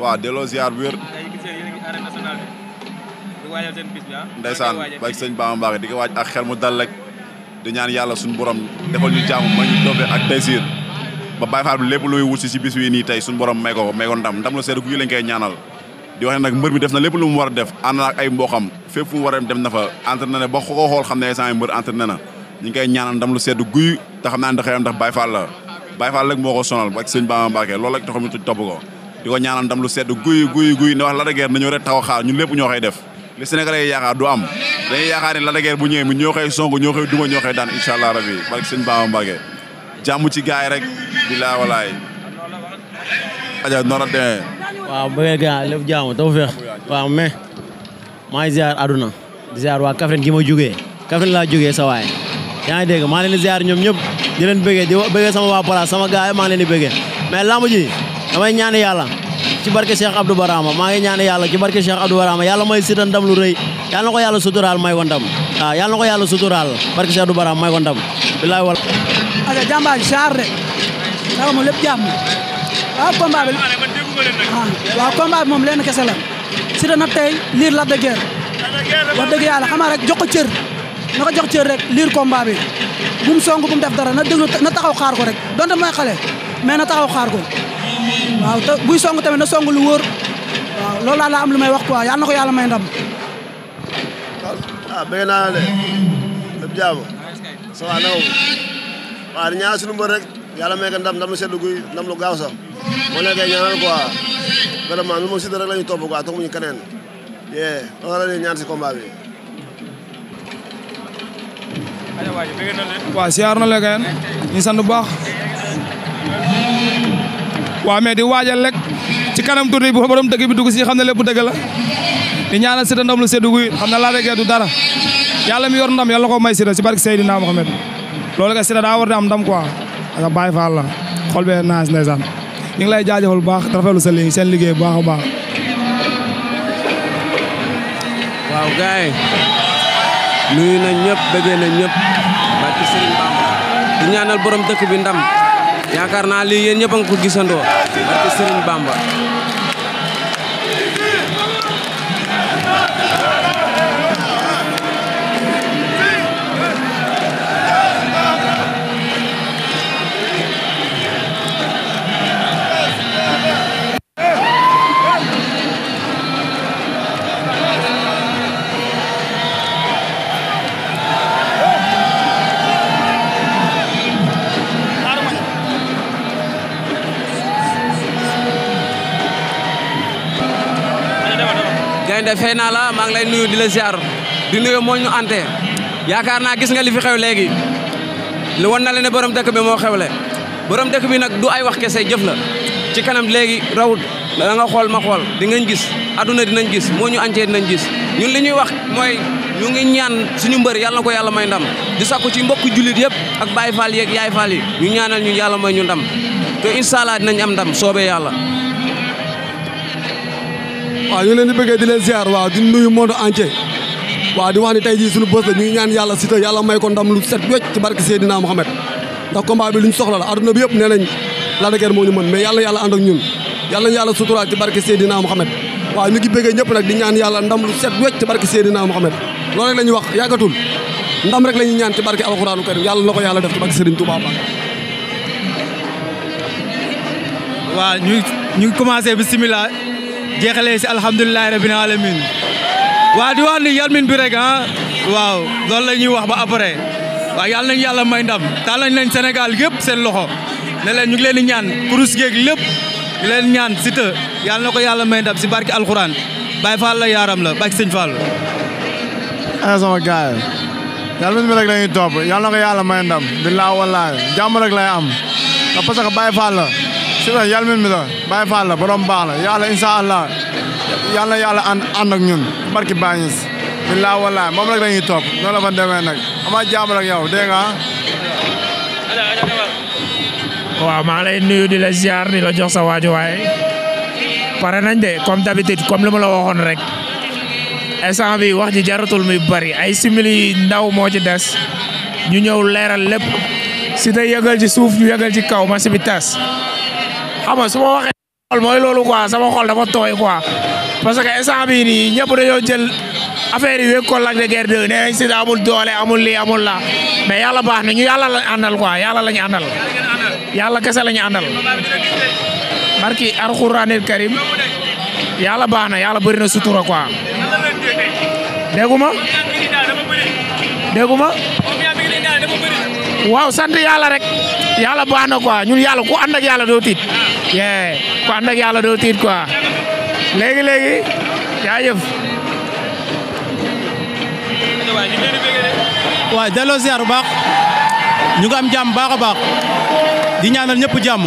waaw delloo ziar bu wér. Ah. ndeysaan ba sëñ Bamba Mbacké di ko waaj ak xel mu dal rek. di ñaan yàlla suñu borom defal jàmm ma ñu toppee ak taysir ba Baye Fall bi lépp luy wut si si bis wi nii tey suñu borom may ko may ko ndam ndam la seedu guyi lañ koy ñaanal di wax ne nag mbër mi def na lépp lu mu war a def ànd ak ay mboxam fépp fu mu war a dem na fa entraîné na ba xoo xool xam ne sant mbër entraîné na ñu koy ñaanal ndam lu sedd guy te xam naa ne ndax Baye Fall la Baye Fall rek moo ko sonal ak sëñ Bamba Mbacké loolu rek taxaw mi topp ko di ko ñaanal ndam lu sedd guy guy guy ne wax la de guerre nañu rek taxaw xaar ñun lépp ñoo koy def li Sénégalais yi yaakaar du am dañuy yaakaar ne Lac bu ñëwee mu ñoo koy song ñoo koy duma ñoo koy daan incha allah rabi barke sëñ Bamba Mbàkke gaay rek bilaa walaay. aja noor a demee. waaw bëggee gaa lépp jaamu taw feex waaw mais maa ngi aduna di ziar waa Kaffrine gi ma jógee Kaffrine laa jógee sa waay yaa ngi dégg maa leen di ziar ñoom ñëpp di leen bëggee di bëggee sama waa palaas sama gaay maa leen di bëggee mais lamb ji damay ci barke Cheikh Abdou Barama maa ngi ñaan yàlla ci barke Cheikh Abdou Barama yàlla may Siteu lu rëy yàlla na ko yàlla suturaal may ko ndam waaw yàlla na ko yàlla suturaal barke Cheikh Abdou Barama may ko ndam bilaay wala ada jàmbaar ji saar rek sama moom lépp jàmm waaw combat bi ah, waaw combat bi moom leen kese la Siteu dëgg yàlla xamaa rek jox ko na ko jox cër rek liir combat bi mu song mu def dara na déglu na taxaw xaar ko rek donte mooy xale mais na taxaw xaar ko waaw te buy song tamit na song lu loolu daal am lu may wax quoi yàlla na ko yàlla may ndam. ah bëgg naa de lépp jàmm na waaw di ñaan suñu mbër rek yàlla may ko ndam ndam lu sedd guy ndam lu gaaw sax moo leen koy ñaanal quoi vraiment ñun moom si rek la ñu topp quoi taxawu ñu keneen yee loolu la ñuy ñaan si combat bi. waaw siyaar na leen. ñu sant waaw mais di waajal rek ci kanam tournée bi borom dëgg bi dugg si xam na lépp dëgg la di ñaanal Siteu ndam lu seddu guy xam ne laa déggee dara yàlla mi yor ndam yàlla ko may Siteu si barke Seydina Mohamed loolu nga Siteu daa war di am ndam quoi nga bàyyi faal xol bee naas ndeysaan ñu ngi lay jaajëfal bu baax rafetlu sa liggéey seen liggéey bu baax a baax waaw gaay nuyu na ñëpp bëggee na ñëpp di ñaanal borom dëkk bi ndam yaakaar naa lii yéen ñëpp a ngi ko gisandoo barke Serigne Bamba gaynde fay naa la maa ngi lay nuyu di la ziar di nuyu moo ñu ante yaakaar naa gis nga li fi xew léegi li wan na leen ne borom dëkk bi moo xew xewle borom dëkk bi nag du ay wax kese jëf la ci kanam léegi rawut da nga xool ma xool di ngañ gis aduna dinañ gis moo ñu ancee dinañ gis ñun li ñuy wax mooy ñu ngi ñaan suñu mbër yàlla ko yàlla may ndam di sakku ci mbokku jullit yëpp ak Baay Faal yeeg Yaay Faal yi ñu ñaanal ñu yàlla mooy ñu ndam te incha allah dinañ am ndam soobee yàlla waaw ñu leen di bëggee di leen ziar waaw di nuyu monde entier waaw di wax ni tey jii suñu bës la ñu ñaan yàlla Siteu yàlla may ko ndam lu set wecc ci barke Seydina Mohamed ndax combat lu ñu soxla la adduna bi yëpp nee nañ Lac de Guiers moo ñu mën mais yàlla yàlla ànd ak ñun yàlla ñu yàlla suturaal ci barke Seydina Mohamed waaw ñu ngi bëggee ñëpp nag di ñaan yàlla ndam lu set wecc ci barke Seydina Mohamed loolu rek la ñuy wax yàggatul ndam rek la ñuy ñaan ci barke alxuraanu karim yàlla na ko yàlla def ci barke Serigne Touba Ba waaw ñu jeexalee si alhamdulilahi rabbil alamin waa di wax ni yalmin bi rek ah waaw loolu la ñuy wax ba après waaw yàlla nañu yàlla may ndam tàllal nañ senegal yëpp seen loxo ne leen leen di ñaan kurus geeg lépp ñu leen ñaan si te yàlla na ko yàlla may ndam si barki alxuraan Baye Fall la yaaram la bàyyi sëñ Fall. ana sama gaay yalmin bi rek la ñuy topp yàlla na ko yàlla may ndam billaahi wallaahi jàmm rek lay am parce que Baye Fall la Siteu yalmin mi la Baye Fall la borom baax la yàlla yàlla yàlla ànd ànd ak ñun barki Bañis billaa wallaahi moom rek dañuy topp noonu la fa demee nag ama jàmm rek yow dégg nga waaw maa lay nuyu di la ziar di la jox sa waaye pare nañ de comme d'habitude comme li ma la rek instant wax ji jaratul muy bari ay simili ndaw moo ci des ñu ñëw leeral lépp si te yëgal suuf ñu yëgal ci kaw match bi tas xam nga su ma waxee xool mooy loolu quoi sama xol dafa tooy quoi parce que instant bii nii ñëpp dañoo jël affaire yi wékk ko Lac de Guiers 2 nee nañ si amul doole amul lii amul la mais yàlla baax na ñu yàlla lañ àndal quoi yàlla lañ àndal yàlla kese lañ àndal barki Alxuraanil Karim yàlla baax na yàlla bëri na sutura quoi déggu ma waaw sant yàlla rek yàlla baax na quoi ñu yàlla ku ànd ak doo tiit yee ku ànd ak yàlla doo tiit quoi léegi léegi jaajëf. waa delloo ziar bu baax ñu ngi am jàmm baax a baax di ñaanal ñëpp jàmm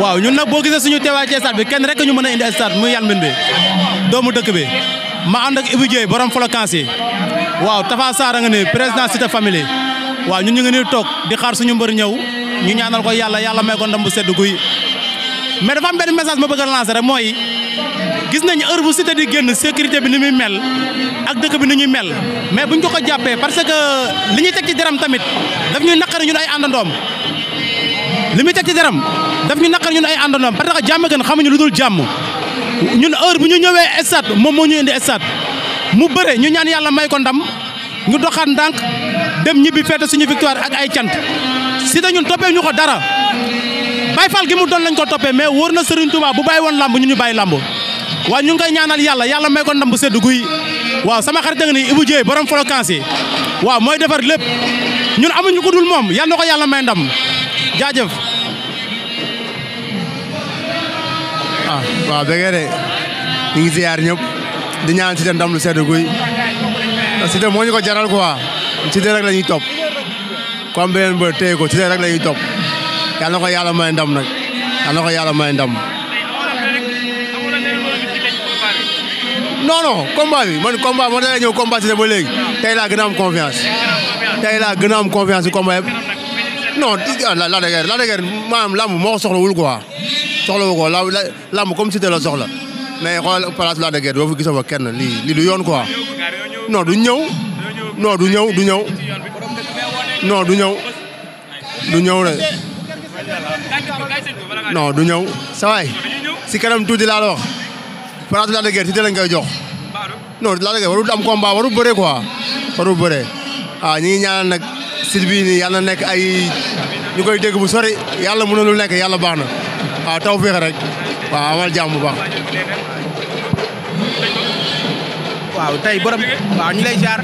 waaw ñun nag boo gisee suñu teewaay ci stade bi kenn rek ñu mën a indi stade muy Yane Mbine bi doomu dëkk bi ma ànd ak Ibou Dieye borom Flocance waaw Tafa Sarr a nga ne président cité famille waaw ñun ñu ngi nii toog di xaar suñu mbër ñëw ñu ñaanal ko yàlla yàlla may ko ndam bu sedd guy mais dafa am benn message ma bëgg a mooy gis nañ heure bu site di génn sécurité bi nu muy mel ak dëkk bi nu ñuy mel mais buñ ko ko jàppee parce que li ñuy teg ci deram tamit daf ñuy naqari ñun ay àndandoom li muy teg ci deram daf ñu naqari ñun ay àndandoom parce que jàmm gën xamuñu lu dul jàmm ñun heure bu ñu ñëwee stade moom moo ñu indi stade mu bëre ñu ñaan yàlla may ko ndam ñu doxaat ndànk dem ñibbi feete suñu victoire ak ay cant si te ñun toppee ñu ko dara Baye Fall gi doon lañ ko toppee mais wóor na Serigne Touba bu bàyyi woon lamb ñu ñu bàyyi lamb waaw ñu ngi koy ñaanal yàlla yàlla may ko ndam bu sedd guy waaw sama xarit da nga ni Ibou Dieye borom flocance yi waaw mooy defar lépp ñun amuñu ko dul moom yal na ko yàlla may ndam jaajëf. ah waaw bëggee ñu ngi ziar ñëpp di ñaan si te ndam lu sedd guy moo ñu ko jaral quoi si te rek la ñuy topp comme beneen ba téye ko si te rek la ñuy topp. yàlla na ko yàlla may ndam nag yàlla na ko yàlla may ndam. non non combat bi man combat man da ñëw am confiance gën am confiance si combat yëpp la la la dëgër maanaam lamb moo ko soxlawul quoi soxlawu ko la lamb comme si te la soxla mais la dëgër doo fa gisoo fa lii lii du yoon quoi non du ñëw du ñëw du ñëw non du ñëw sa si kanam tuuti laa la wax place Lac de Guiers si te lañ koy jox non Lac de Guiers warul war combat warul bëree quoi warul ah, ngi ñaanal nag sit bii nii yàlla nekk ay ñu koy dégg bu sori yàlla mën na lu nekk yàlla baax na waaw ah, taw féex rek waaw amal jàmm bu baax waaw borom waaw ñu lay jaar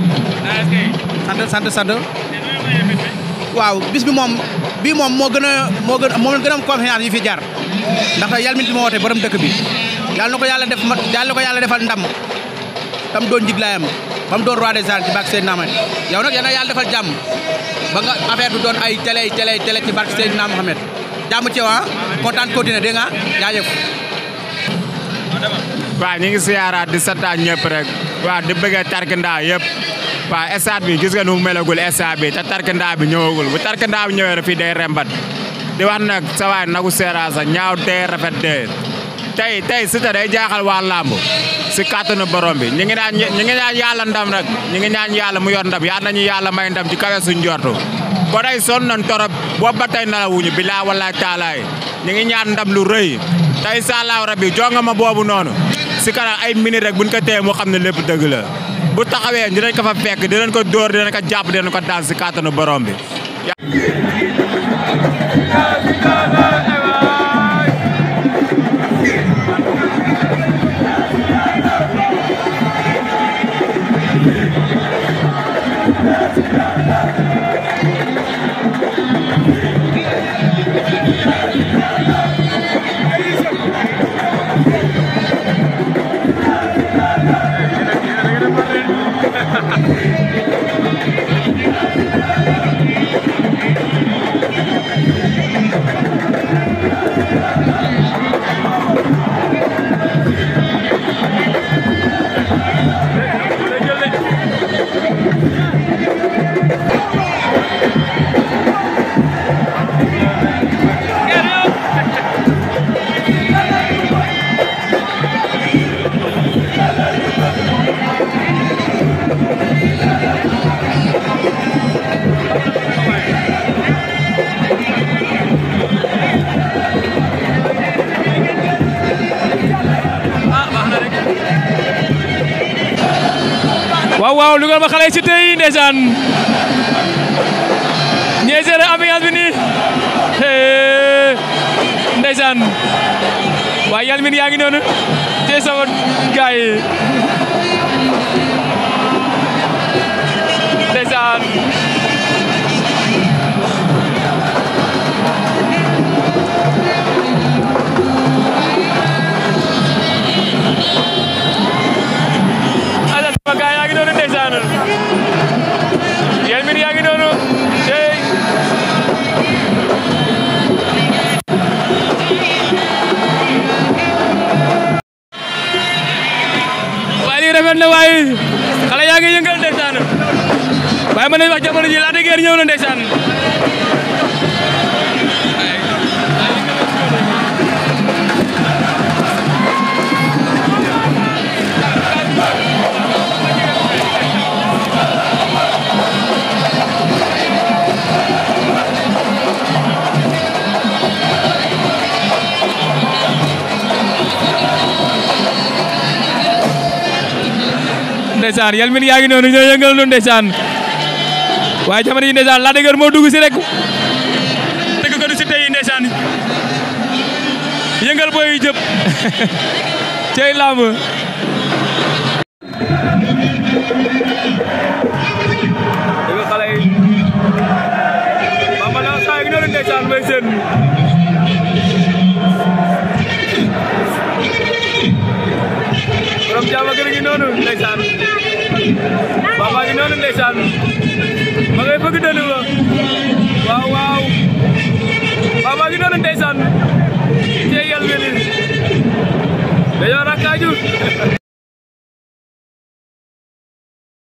sant sant sant waaw bi moom bii moom moo gën a moo gën moo gën a am confiance yi fi jaar ndax yàlla mi li ma woote borom dëkk bi yàlla na ko yàlla def yàlla na ko yàlla defal ndam tam doon jiglaayam ba doon roi des arènes ci barke Seydina Mohamed yow nag yal na yàlla defal jàmm ba nga affaire bi doon ay télé télé télé ci barke Seydina Mohamed jàmm ci waa ah. kontaan continué dégg nga jaajëf. waaw ñu ngi siyaaraat di santaat ñëpp rek waaw di bëggee tarkindaa yëpp. waaw stade bi gis nga nu mu melagul stade bi te tarkandaa bi ñëwagul bu tarkandaa bi ñëwee fii day rembat di wax nag sa nagu seeraasa ñaaw dee rafet dee tey tey si te day jaaxal waa làmb si kàttanu borom bi ñu ngi naan ñu ngi naan yàlla ndam rek ñu ngi ñaan yàlla mu yor ndam yàlla nañu yàlla may ndam ci kawe suñ jortu ko day son nañ torop boobu ba tey nalawuñu bilaa wala taalaay ñu ngi ñaan ndam lu rëy tey saalaaw rabbi jonga ma boobu noonu si kanam ay minute rek buñ ko téye mu xam ne lépp dëgg bu taxawee dinañ ko fa fekk dinañ ko dóor dinañ ko jàpp dinañ ko daal si kàttanu borom bi. dugal ma xale yi Cité yi ndeysaan ñee géré ambiance bi nii ndeysaan waaye yal min yaa ngi noonu te sama gaay yi ndeysaan ñëw na ndeysaan ndeysaan yal min yaa ngi noonu ñoo yëngal nu ndeysaan waaye jamono yi ndeysaan Lac de Guiers moo dugg si rek dëgg ko du si tey ndeysaan yëngal booy yi jëpp cey làmb dëgg yi noonu ndeysaan may bëgg dënnu la waaw waaw waaw maa ngi doon ndeysaan cee yàlla nga nii dañoo rakkaaju